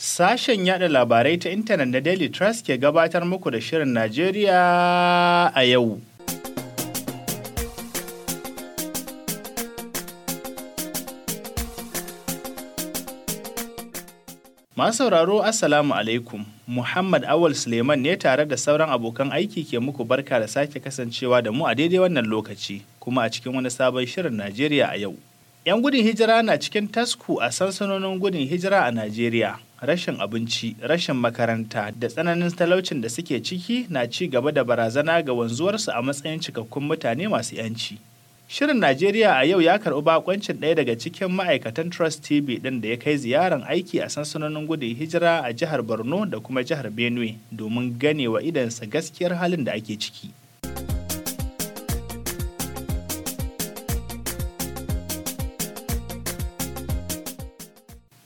Sashen yada labarai ta intanet na Daily Trust ke gabatar muku da Shirin Najeriya a yau. Masu sauraro Assalamu alaikum, Muhammad Awal Suleiman ne tare da sauran abokan aiki ke muku barka da sake kasancewa da mu a daidai wannan lokaci, kuma a cikin wani sabon shirin Najeriya a yau. 'Yan gudun hijira na cikin tasku a sansanonin gudun hijira a Najeriya. Rashin abinci, rashin makaranta da tsananin talaucin da suke ciki na ci gaba da barazana ga wanzuwarsu a matsayin cikakkun mutane masu 'yanci. Shirin Najeriya a yau ya karɓi bakoncin ɗaya daga cikin ma'aikatan Trust TV ɗin da ya kai ziyaran aiki a sansanonin gudun hijira a jihar Borno da kuma jihar Benue domin ganewa idansa gaskiyar halin da ake ciki.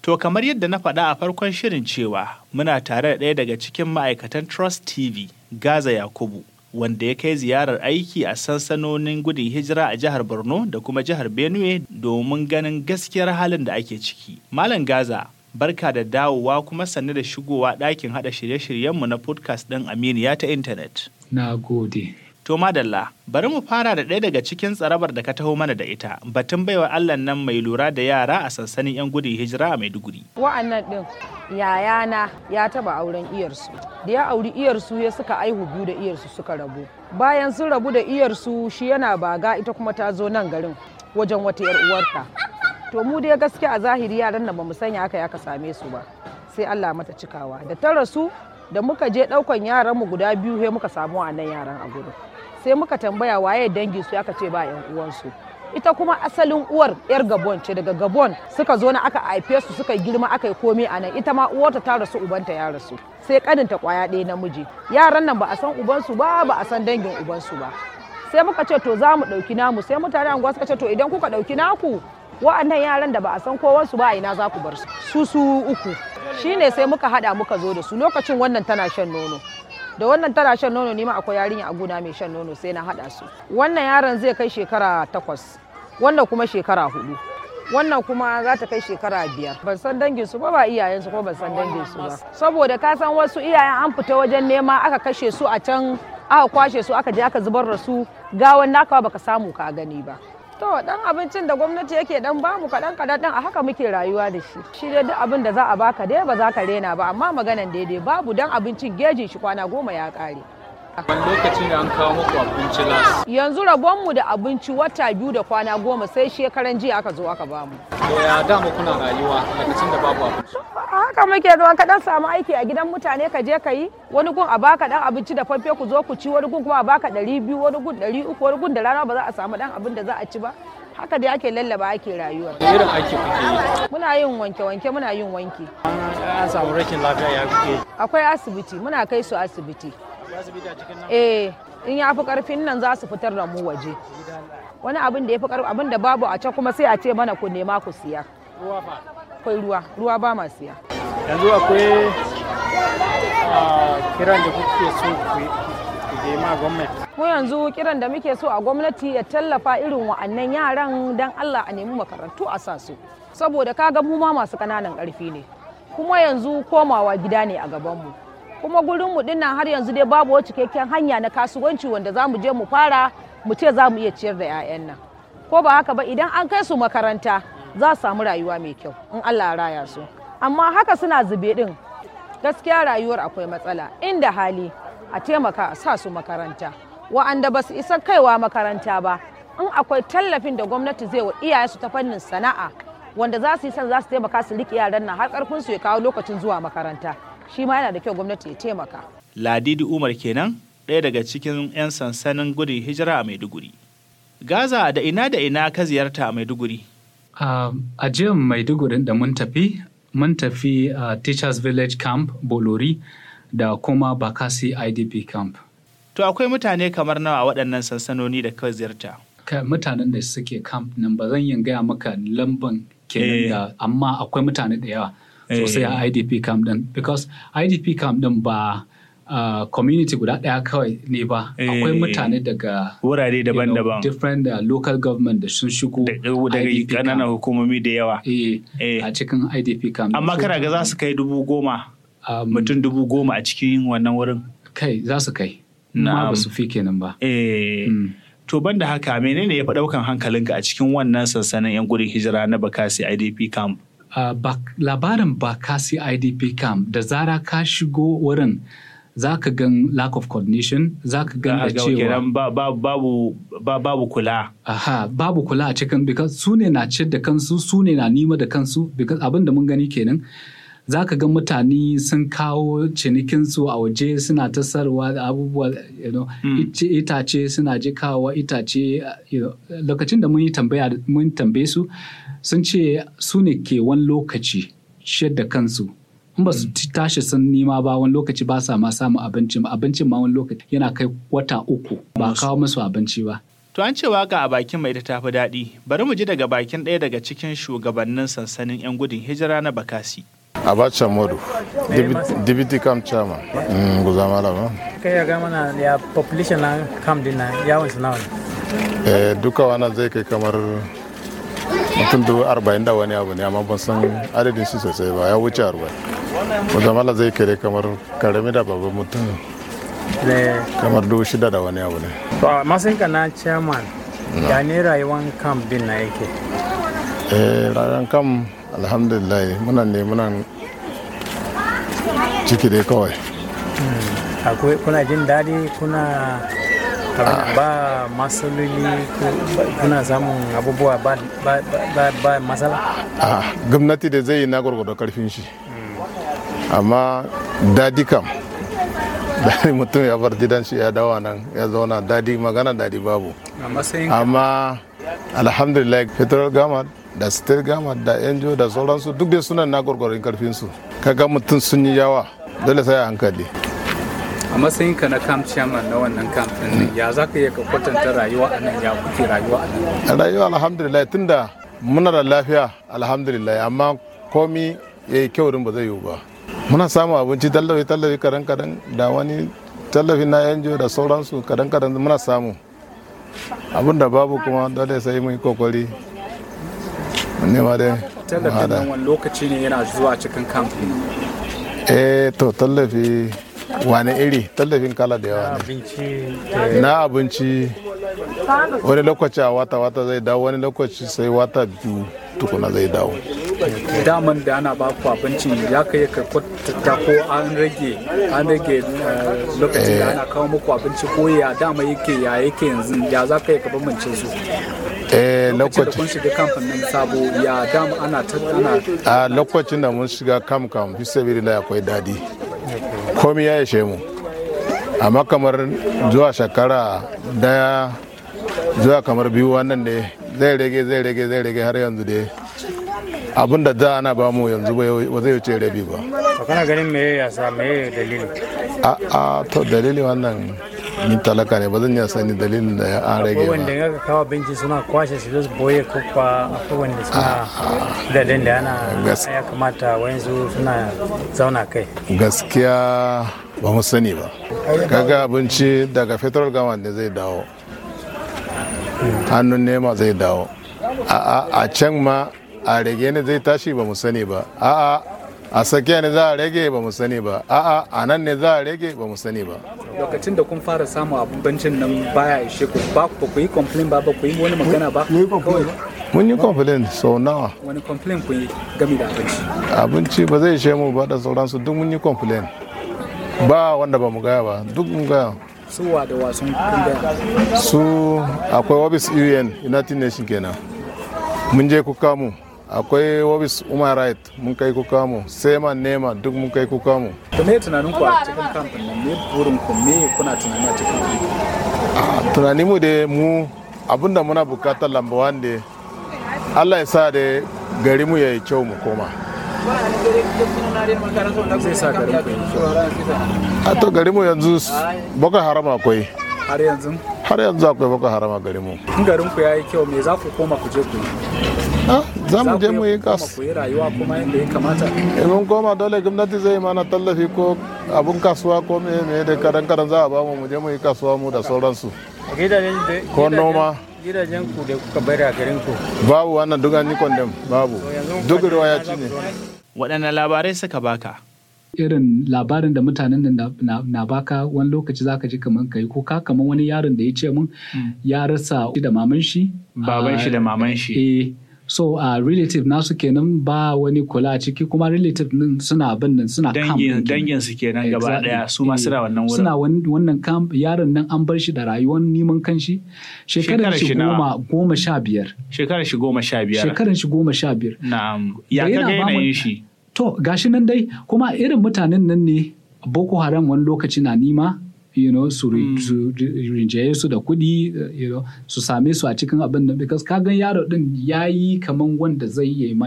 To kamar yadda na faɗa a farkon shirin cewa muna tare da ɗaya daga cikin ma'aikatan Trust TV, Gaza Yakubu. wanda ya kai ziyarar aiki a sansanonin gudun hijira a jihar Borno da kuma jihar Benue domin ganin gaskiyar halin da ake ciki. Malam Gaza, barka da dawowa kuma sannu da shigowa ɗakin haɗa shirye-shiryenmu na podcast ɗin Aminiya ta intanet. Na gode. To madalla, bari mu fara da ɗaya daga cikin tsarabar da ka taho mana da ita, batun baiwa Allah nan mai lura da yara a sansanin 'yan gudun hijira a Maiduguri. Wa'annan ɗin yayana ya taba auren iyarsu. Da ya auri iyarsu ya suka aihu biyu da iyarsu suka rabu. Bayan sun rabu da iyarsu shi yana baga ita kuma ta zo nan garin wajen wata 'yar uwarta. To mu dai gaskiya a zahiri yaran nan mu sanya haka ya ka same su ba. Sai Allah mata cikawa. Da ta rasu da muka je ɗaukan yaran mu guda biyu sai muka samu a nan yaran a gurin. sai muka tambaya waye dangi su aka ce ba yan uwansu ita kuma asalin uwar yar gabon ce daga gabon suka zo na aka haife su suka girma aka yi komai a nan ita ma uwarta ta rasu ubanta ya rasu sai kaninta kwaya ɗaya namiji yaran nan ba a san ubansu ba ba a san dangin ubansu ba sai muka ce to za mu ɗauki namu sai mutane anguwa suka ce to idan kuka ɗauki naku wa'annan yaran da ba a san kowansu ba a ina za ku bar su su su uku shine sai muka hada muka zo da su lokacin wannan tana shan nono da wannan tana shan nono nima akwai yarinya a gona mai shan nono sai na hada su wannan yaron zai kai shekara takwas wannan kuma shekara hudu wannan kuma za ta kai shekara biyar ban san dangin su ba ba iyayen su ko ban san dangin su ba saboda ka san wasu iyayen an fita wajen nema aka kashe su a can aka kwashe su aka je aka zubar da su gawan naka baka samu ka gani ba to dan abincin da gwamnati yake dan bamu kaɗan kaɗan dan a haka muke rayuwa da shi shi dai duk abin da za a baka dai ba za ka rena ba amma maganan daidai babu dan abincin gejin shi kwana goma ya ƙare Wani lokaci ne an kawo muku abinci las. Yanzu rabon mu da abinci wata biyu da kwana goma sai shekaran jiya aka zo aka bamu. To ya dama kuna rayuwa lokacin da babu abinci. Haka muke zuwa ka dan samu aiki a gidan mutane ka je ka yi wani gun a baka dan abinci da fafe ku zo ku ci wani gun kuma a baka ɗari biyu wani gun ɗari uku wani gun da rana ba za a samu dan abin da za a ci ba. haka dai ake lallaba ake rayuwa. Da irin aiki kuke yi? Muna yin wanke-wanke muna yin wanki. An samu rashin lafiya ya kuke? Akwai asibiti muna kai su asibiti. eh in ya fi karfin nan za su fitar da mu waje wani abin da ya fi karfin abin da babu a can kuma sai a ce mana ku nema ku siya ruwa ruwa ruwa ba ma siya yanzu akwai ah, kiran da kuke so ku je ma gwamnati mu yanzu kiran da muke so a gwamnati ya tallafa irin wa'annan yaran dan Allah a nemi makarantu a sa su saboda kaga mu ma masu ƙananan karfi ne kuma yanzu komawa gida ne a gabanmu kuma gurin mu dinnan har yanzu dai babu wacce cikakken hanya na kasuwanci wanda za mu je mu fara mu ce za mu iya ciyar da 'ya'yan nan ko ba haka ba idan an kai su makaranta za su samu rayuwa mai kyau in Allah raya su amma haka suna zube din gaskiya rayuwar akwai matsala inda hali a taimaka a sa su makaranta wa'anda ba su isa kaiwa makaranta ba in akwai tallafin da gwamnati zai wa iyaye su ta fannin sana'a wanda za su yi san za su taimaka su riƙe yaran nan har ƙarfin su ya kawo lokacin zuwa makaranta shi ma yana da kyau gwamnati ya taimaka. Ladidi Umar kenan ɗaya daga cikin 'yan sansanin gudun hijira a Maiduguri. Gaza da ina da ina ka ziyarta a Maiduguri? A jiyan Maiduguri da mun tafi, mun tafi a Teachers Village Camp Bolori da kuma Bakasi IDP Camp. To akwai mutane kamar nawa waɗannan sansanoni da ka ziyarta? Mutanen da suke camp nan ba zan yin gaya maka lamban kenan eh. da amma akwai mutane da yawa. sosai a eh. idp camp din because idp camp din ba Uh, community guda daya kawai ne ba akwai eh. mutane daga wurare daban-daban different uh, local government da sun shigo eh, daga kananan hukumomi da yawa a cikin idp camp amma kana ga za su kai dubu goma um, mutum dubu goma a cikin wannan wurin kai za su kai ma ba su fi kenan ba hmm. to ban da haka menene ya fi ɗaukan hankalinka a cikin wannan sansanin 'yan gudun hijira na bakasi idp camp labarin ba kasi idp cam da zara ka shigo wurin za ka gan lack of coordination za ka gan da cewa babu kula aha babu kula a cikin because su ne na ciyar da kansu su ne na nima da kansu because abin da mun gani kenan za ka gan mutane sun kawo cinikinsu a waje suna ta sarwa da abubuwa hmm. itace suna je kawo itace lokacin da mun yi tambaya mun tambaye su sun ce su ne ke wani lokaci ciyar da kansu in ba su mm. tashi sun nima ba wani lokaci ba sa ma samun abinci ma abincin ma wani lokaci yana kai wata uku ba kawo musu abinci ba to an ce waka a bakin mai ta fi daɗi bari mu ji daga bakin ɗaya daga cikin shugabannin sansanin 'yan gudun hijira na bakasi abacha modu Dibiti Kam Chama, mm, guzamala ba kai ya ga mana ya population na kam din na yawon su nawa eh duka wannan zai kai kamar mutum dubu arba'in da wani abu ne amma ban san adadin su sosai ba ya wuce arba'in wanda mala zai kere kamar karami da babban mutum kamar dubu shida da wani abu ne to a masinka na chairman da ne rayuwan kam din na yake eh rayuwan kam alhamdulillah muna ne muna ciki dai kawai hmm. akwai kuna jin daɗi kuna ba masaloli kuna samun abubuwa ba ba masala a ah, gwamnati da zai yi na gwargwado karfin shi amma dadi kam dadi mutum ya bar gidan shi ya dawa nan ya zauna dadi magana dadi babu amma alhamdulillah federal government da state government da ngo da sauransu duk da sunan na gwargwaron karfin su kaga mutum sun yi yawa dole sai a hankali a matsayin ka na camp chairman na wannan camp din ya za ka iya ka kwatanta rayuwa a nan ya kuke rayuwa a nan rayuwa alhamdulillah tunda muna da lafiya alhamdulillah amma komi ya yi kyau ba zai yiwu ba muna samun abinci tallafi tallafi kadan kadan da wani tallafi na yanjo da sauransu kadan kadan muna samu abin da babu kuma dole sai mun kokari ne ma dai Tallafi nan wani lokaci ne yana zuwa cikin kamfani eh to tallafi wane iri tallafin kala da yawa ne na abinci wani lokaci a wata wata zai dawo wani lokaci sai wata biyu tukuna zai dawo daman da ana ba ku abincin ya kai ka kwatanta ko an rage an rage eh, lokacin da ana kawo muku abinci ko ya dama yake ya yake yanzu ya za ka yi ka bambance su eh, lokacin da kun shiga kamfan nan sabo ya dama ana tattana a lokacin da mun shiga kam kam fi akwai dadi komi ya ishe mu amma kamar zuwa shekara daya zuwa kamar biyu wannan ne zai rage zai rage zai rage har yanzu dai abin da za ana ba mu yanzu ba zai wuce rabi ba kana ganin me yasa sa me dalili a to dalili wannan ni talaka ne ba zan iya sani dalilin da ya an rage ba wanda ya kawo binci suna kwashe su su boye kuka akwai wanda suna ah, dalilin da ana ya kamata wayansu suna zauna kai gaskiya ba mu sani ba kaga abinci daga federal government ne zai dawo hannun nema zai dawo a can ma a rage ne zai tashi ba mu sani ba a'a a sakiya ne za a rage ba mu sani ba a'a a nan ne za a rage ba mu sani ba lokacin da kun fara samun abincin nan baya ishe ku ba ku yi complain ba ba ku yi wani magana ba mun yi complain sau nawa wani complain kun yi game da abinci abinci ba zai ishe mu ba da sauransu duk mun yi complain ba wanda ba mu gaya ba duk mun gaya su wa da wasun kun gaya su akwai office un united nation kenan mun je ku kamu akwai wabis umar right mun kai kuka mu seman nema duk mun kai kuka mu to me tunanin ku a cikin kamfanin ne burin ku me kuna tunani a cikin ah, tunani mu da mu abinda muna bukatar lamba wanda allah ya sa da gari mu ya yi kyau mu koma a ah, to gari mu yanzu bakar harama akwai har yanzu har yanzu akwai boko haram a garin mu in garin ku yayi kyau me za ku koma ku je ku yi ah, za mu je mu yi kas ku yi rayuwa kuma yadda ya kamata in mun koma dole gwamnati zai mana tallafi ko abun kasuwa ko me me da kadan kadan za a ba mu mu je mu yi kasuwa mu da sauransu ko noma gidajen ku da kuka bari a garin ku babu wannan duk an yi kondem babu duk ruwa ya ci ne waɗannan labarai suka baka irin labarin da mutanen da na baka wani lokaci za ka ji kamar kai kuka kamar wani yaron da ya ce mun hmm. ya rasa da maman shi baban shi da ah, maman shi eh so a uh, relative nasu kenan ba wani kula a ciki kuma relative nin suna abin nan suna dangin dangin su kenan gaba daya su ma suna eh, wannan wurin suna wannan camp yaron nan an bar shi da rayuwar neman kanshi shekarar shi goma goma sha biyar shekarar shi goma sha biyar shekarar shi goma sha biyar na'am ya kaga yanayin shi To gashi nan dai kuma irin mutanen nan ne Boko Haram wani lokaci na nima you know, su mm. rinjaye su da kuɗi you know, su same su a cikin abin da because ka gan yaro din ya yi kaman wanda zai yi ma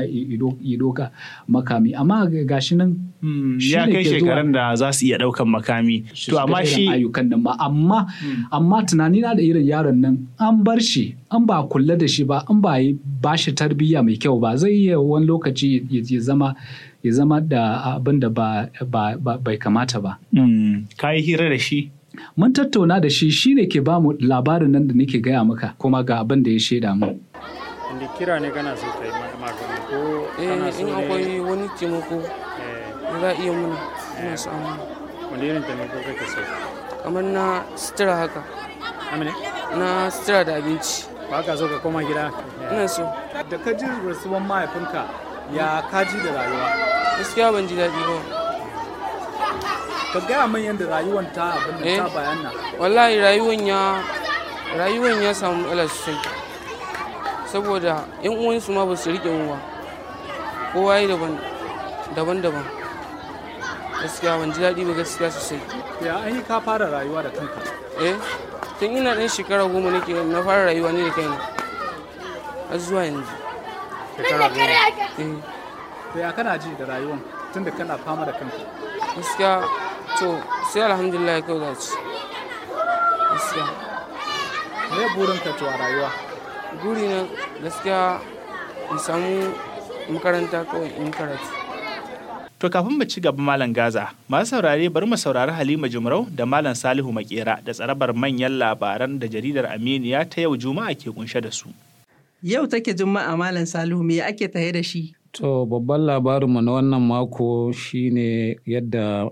idoka makami amma gashi nan mm, ya kai shekaran da za su iya ɗaukan makami to amma shi ayyukan nan ba amma mm. amma tunani na da irin yaron nan an bar shi an ba kula da shi ba an ba ba shi tarbiyya mai kyau ba zai iya wani lokaci ya zama ya zama da abin da bai kamata ba. Mm, ka yi hira da shi? Mun tattauna da shi shi ne ke bamu labarin nan da nake gaya maka kuma ga abin da ya shaida mu. Inda kira ne kana so ka yi magana ko eh, kana so ne? Eh, in akwai wani taimako za eh. iya muna eh. ina so amma. Wanda irin taimako kake so? Kamar na sutura haka. Amine? Na sutura da abinci. Ba ka so ka koma gida? Ina so. Da ka ji rasuwan mahaifinka ya kaji da rayuwa gaskiya ban ji daɗi ba ka gaya min yadda rayuwar ta abin da ta eh, bayan nan wallahi rayuwar ya rayuwar ya samu ala sosai saboda yan uwansu ma ba su riƙe uwa kowa yi daban-daban gaskiya ban ji daɗi ba gaskiya sosai ya ainihin ka fara rayuwa da kanka eh tun ina ɗan shekara goma nake na fara rayuwa ne da kaina har zuwa yanzu shekara goma eh. to ya kana ji da rayuwan da kana fama da kanka gaskiya to sai alhamdulillah kawai da ci gaskiya me burin ka to a rayuwa buri na gaskiya in samu makaranta kawai in karatu To kafin mu ci gaba Malam Gaza, masu saurare bari mu saurari Halima Jumrau da Malam Salihu Makera da tsarabar manyan labaran da jaridar Aminiya ta yau Juma'a ke kunshe da su. Yau take Juma'a Malam Salihu me ake tahe da shi? To babban labarinmu na wannan mako shine yadda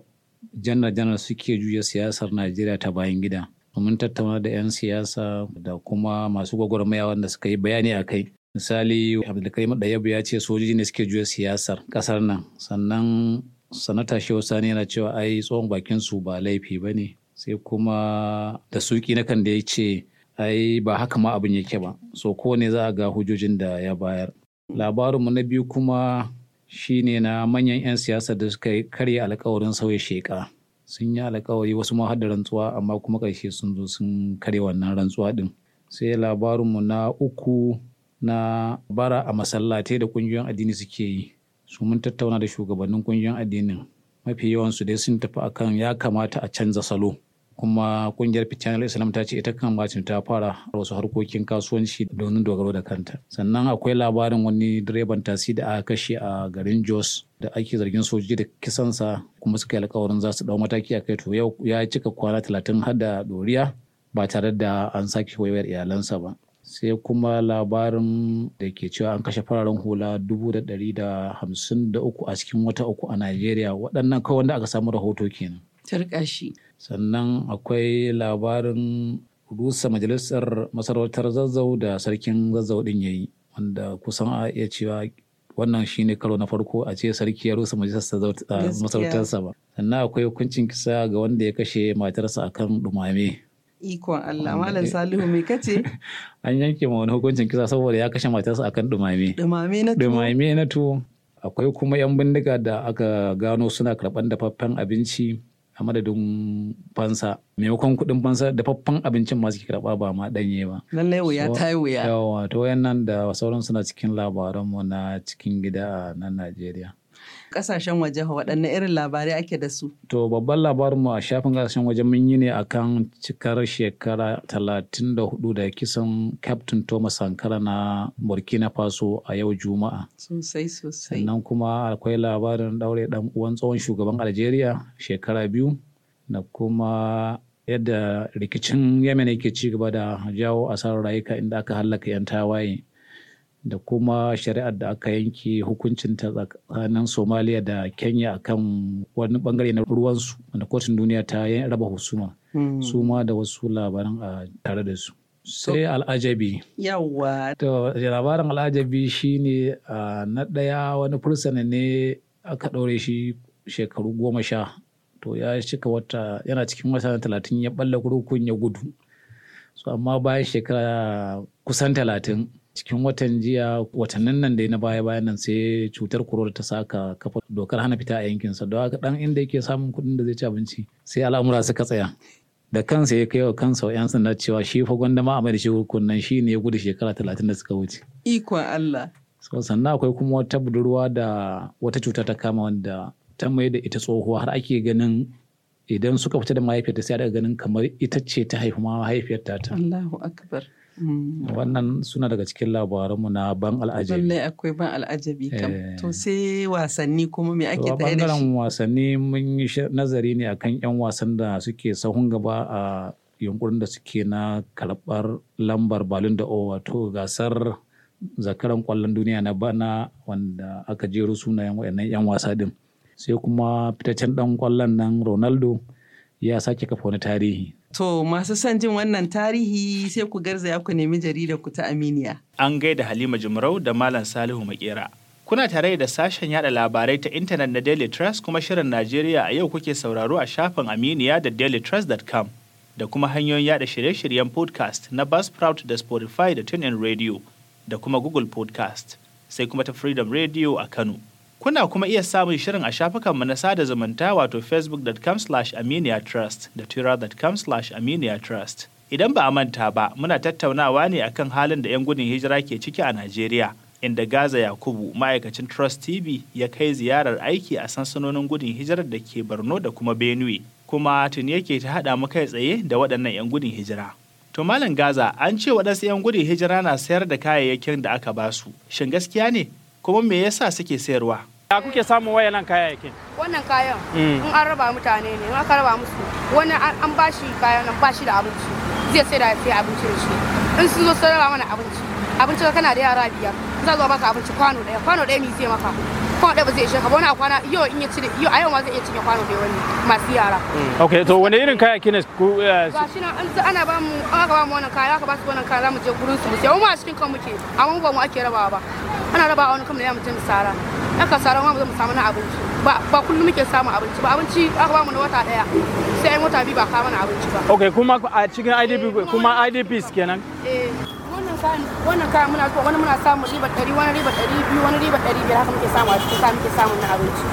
janar-janar suke juya siyasar Najeriya ta bayan gida. Mun tattauna da 'yan siyasa da kuma masu gwagwarmaya wanda suka yi bayani a kai. Misali, Abdulkarim Dayabu ya ce sojoji ne suke juya siyasar kasar nan. Sannan sanata Shehu Sani yana cewa ai tsohon bakin su ba laifi ba ne. Sai kuma da suki na kan da ya ce ai ba haka ma abin yake ba. So kowane za a ga hujjojin da ya bayar. Labarinmu na biyu kuma shine na manyan 'yan siyasa da suka karya alkawarin sauya sheka Sun yi alkawari wasu ma har da rantsuwa amma kuma karshe sun zo sun karya wannan rantsuwa ɗin. Sai labarinmu na uku na bara a masallatai da ƙungiyoyin addini suke yi. Su mun tattauna da shugabannin ƙungiyoyin addinin. Mafi yawansu dai sun tafi akan ya kamata a canza salo. kuma kungiyar fitinar islam ta ce ita kan bacin ta fara wasu harkokin kasuwanci domin dogaro da kanta sannan akwai labarin wani direban tasi da aka kashe a garin jos da ake zargin sojoji da kisansa kuma suka yi alkawarin za su dau mataki a kai to yau ya cika kwana talatin har da doriya ba tare da an sake wayar iyalansa ba sai kuma labarin da ke cewa an kashe fararen hula dubu da da da hamsin uku a cikin wata uku a Najeriya waɗannan kawai wanda aka samu rahoto kenan. Tarkashi. sannan akwai labarin rusa majalisar masarautar zazzau da sarkin zazzau din ya yi wanda kusan a iya cewa wannan shine karo na farko a ce sarki ya rusa majalisar sa ba sannan akwai hukuncin kisa ga wanda ya kashe matarsa akan dumame ikon Allah malam Salihu mai kace an yanke ma wani hukuncin kisa saboda ya kashe matarsa akan dumame dumame na dumame na tuwo akwai kuma yan bindiga da aka gano suna karban dafaffen abinci a madadin fansa maimakon kuɗin fansa dafaffen abincin masu ke karɓa ba ma ɗanye ba. Lallai wuya ta yi wuya. Yawa to wayan nan da sauran suna cikin labaranmu na cikin gida a nan Najeriya. Kasashen waje waɗanne irin labarai ake da su? To babban labarin mu a shafin kasashen waje mun yi ne akan cikar shekara talatin da hudu da kisan Captain Thomas Sankara na Burkina Faso a yau Juma'a. Sosai sosai. Sannan kuma akwai labarin ɗaure ɗan uwan tsohon shugaban Algeria shekara biyu da kuma yadda rikicin Yemen yake ci gaba da jawo asarar rayuka inda aka hallaka 'yan tawaye. da kuma shari'ar da aka yanke hukuncin ta tsakanin somaliya da kenya a kan wani bangare na ruwansu wanda kotun duniya ta raba husuma hmm. su ma da wasu labaran a tare da su sai al'ajabi yawa to labarin al'ajabi shine na ɗaya wani fursana ne aka ɗaure shi shekaru goma sha to ya cika wata yana cikin wata talatin ya balla kurkun ya gudu amma bayan shekara kusan talatin cikin watan jiya watannin nan dai na baya bayan nan sai cutar korona ta saka kafa dokar hana fita a yankin sa don haka dan inda yake samun kuɗin da zai ci abinci sai al'amura suka tsaya da kansa ya kai wa kansa yan sanda cewa shi fa gwandama a mai da shi hukunan shi ne ya gudu shekara talatin da suka wuce ikon Allah sannan akwai kuma wata budurwa da wata cuta ta kama wanda ta mai da ita tsohuwa har ake ganin idan suka fita da mahaifiyarta sai a daga ganin kamar ita ce ta haifi mahaifiyarta ta Allahu akbar Mm. wannan suna daga cikin labaranmu na ban al'ajabi Wannan akwai ban al'ajabi kam eh. to sai wasanni kuma me ake tsaye da shi wasanni mun yi nazari ne akan yan wasan da suke sahun gaba a yunkurin da suke na karɓar lambar balin da o wato gasar zakaran kwallon duniya na bana wanda aka jero sunayen waɗannan 'yan wasa din sai kuma fitaccen ɗan kwallon nan ronaldo ya sake kafa wani tarihi To masu son jin wannan tarihi sai ku garzaya ku nemi jarida ku ta Aminiya. An gaida Halima Jumrau da Malam Salihu Makera. Kuna tare da sashen yada labarai ta intanet na Daily Trust kuma shirin Najeriya a yau kuke sauraro a shafin Aminiya da dailytrust.com da kuma hanyoyin yada shirye-shiryen podcast na Buzzsprout da Spotify da TuneIn Radio da kuma Google Podcast sai kuma ta Freedom Radio a Kano. Kuna kuma iya samun shirin a shafukanmu na sada zumunta wato facebookcom trust da twittercom trust Idan ba a manta ba, muna tattaunawa ne akan halin da 'yan gudun hijira ke ciki a Najeriya, inda Gaza Yakubu, ma'aikacin Trust TV, ya kai ziyarar aiki a sansanonin gudun hijirar da ke Borno da kuma Benue, kuma tuni yake ta haɗa mu kai tsaye da waɗannan 'yan gudun hijira. To Malam Gaza, an ce waɗansu 'yan gudun hijira na sayar da kayayyakin da aka basu. Shin gaskiya ne? Kuma me yasa suke sayarwa? Ya kuke samun wayan nan yake? Wannan kayan mm. in an raba mutane ne, in aka raba musu wani an bashi kayan nan bashi da abinci zai sai da sai abinci da shi. In sun zo sun raba mana abinci, abinci kana da yara biyar, za zo baka abinci kwano ɗaya, kwano ɗaya mi zai maka. kwano ɗaya ba zai ishe ka ba wani a kwana yau in ya cire yau a yau ma zai iya cinye kwano da wani masu yara. Mm. ok to wani irin kaya kine? ku Ba eh, shi nan an ana ba mu an aka ba mu wannan kaya aka ba su wannan kaya za mu je gurin su mu sai mu a cikin kan muke amma mu ba mu ake rabawa ba ana rabawa wani kan da ya mu je mu sara yan kasara ma ba mu samu na abinci ba ba kullum muke samu abinci ba abinci aka ba mu na wata daya sai yan wata bi ba ka mana abinci ba okay kuma a cikin eh, IDP kuma idp kenan eh wannan kayan wannan kayan muna zuwa wani muna samun riba 100 wani riba 200 wani riba 500 haka muke samu a cikin sa muke samun na abinci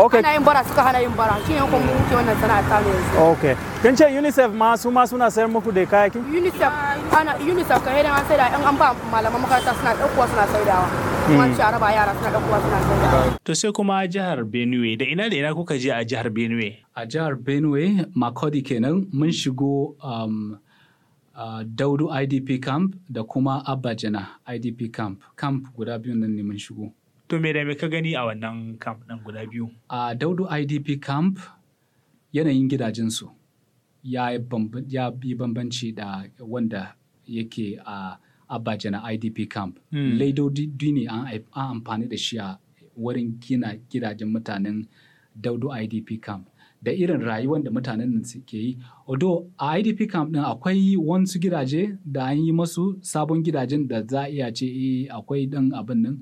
Okay. Hana yin bara suka hana yin bara shi ne kuma mun wuce wannan sana'a ta yanzu. Okay. Kin ce UNICEF ma su ma suna sayar muku da kayaki? UNICEF ana UNICEF kan yadda ma sai da an ba malaman makaranta suna ɗaukowa suna saidawa. kuma yara suna To sai kuma jihar Benue da ina da ina kuka je a jihar Benue? A jihar Benue Makodi kenan mun shigo Uh, Daudu IDP camp da kuma Abajana IDP camp. Camp guda biyu nan ne mun shigo. To me da me ka gani a wannan camp nan guda biyu? A uh, Daudu IDP camp yanayin gidajensu ya yi bambanci da wanda yake a uh, na idp camp mm. laidodi ne an amfani da shi a wurin gina gidajen mutanen daudu idp camp da irin rayuwar da mutanen nan suke yi odo a idp camp din akwai wasu gidaje da an yi masu sabon gidajen da za a iya ce eh, akwai dan abin nan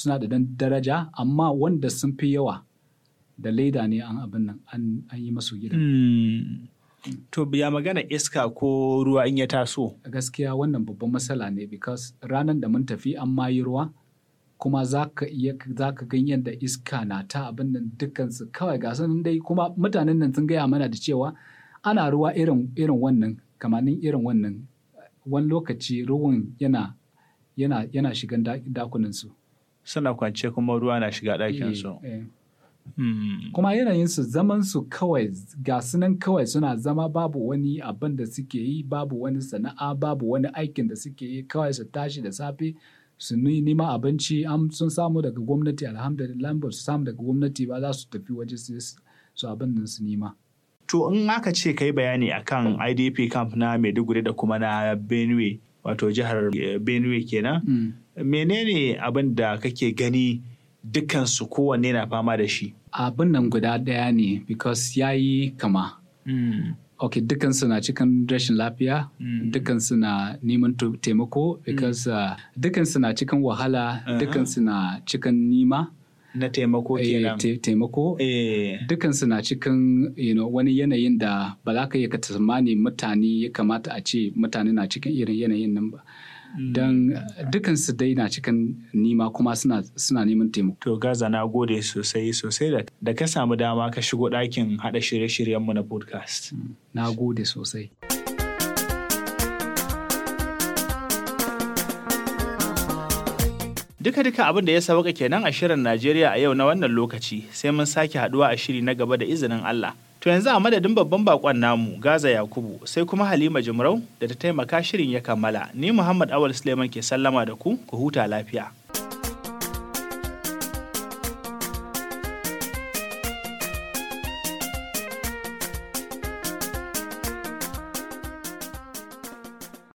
suna da dan daraja amma wanda sun fi yawa da leda ne an abin nan an yi masu gida. Hmm. To biya magana iska ko ruwa in ya taso? Gaskiya wannan babban matsala ne because ranar da mun tafi an mayi ruwa kuma za ka gan yadda iska na ta abin nan dukkansu kawai ga sun dai kuma mutanen nan sun gaya mana da cewa ana ruwa irin wannan kamanin irin wannan wani lokaci ruwan yana yana yana shigan dakunan su. Suna kwance kuma ruwa na shiga ɗakin su. Eh, eh. Hmm. Kuma yanayin su zaman su kawai ga nan kawai suna zama babu wani abin da suke yi, babu wani sana'a, babu wani aikin da suke yi, kawai su tashi da safe su nima abinci an sun samu daga gwamnati alhamdulillah ba su samu daga gwamnati ba za su tafi waje su abin nan su nima. To in aka ce kai bayani akan IDP camp na Maiduguri da kuma na Benue wato jihar eh, Benue kenan. Hmm. Menene abin da kake gani dukansu kowanne na fama da shi? Abin nan guda ɗaya ne, because ya yi kama. Hmm. Ok, dukansu na cikin rashin lafiya, hmm. dukansu na neman taimako, hmm. because uh, dukansu na cikin wahala, dukansu na cikin nima. na taimako eh, kenan taimako eh. dukansu na cikin you know, wani yanayin da ba za ka yi ka tasmani mutane ya kamata a ce mutane na cikin irin yanayin nan ba don dukansu dai na cikin nima kuma suna neman taimako. To Gaza na gode sosai sosai da ka samu dama ka shigo ɗakin haɗa shirye-shiryenmu na podcast. Mm, na gode sosai. Duka-duka abin da ya sauka kenan a shirin Najeriya a yau na wannan lokaci sai mun sake haɗuwa a shiri na gaba da izinin Allah. To yanzu a madadin babban bakon namu Gaza Yakubu sai kuma Halima Jimrau da ta taimaka shirin ya kammala. Ni Muhammad Awal Suleiman ke sallama da ku, ku huta lafiya.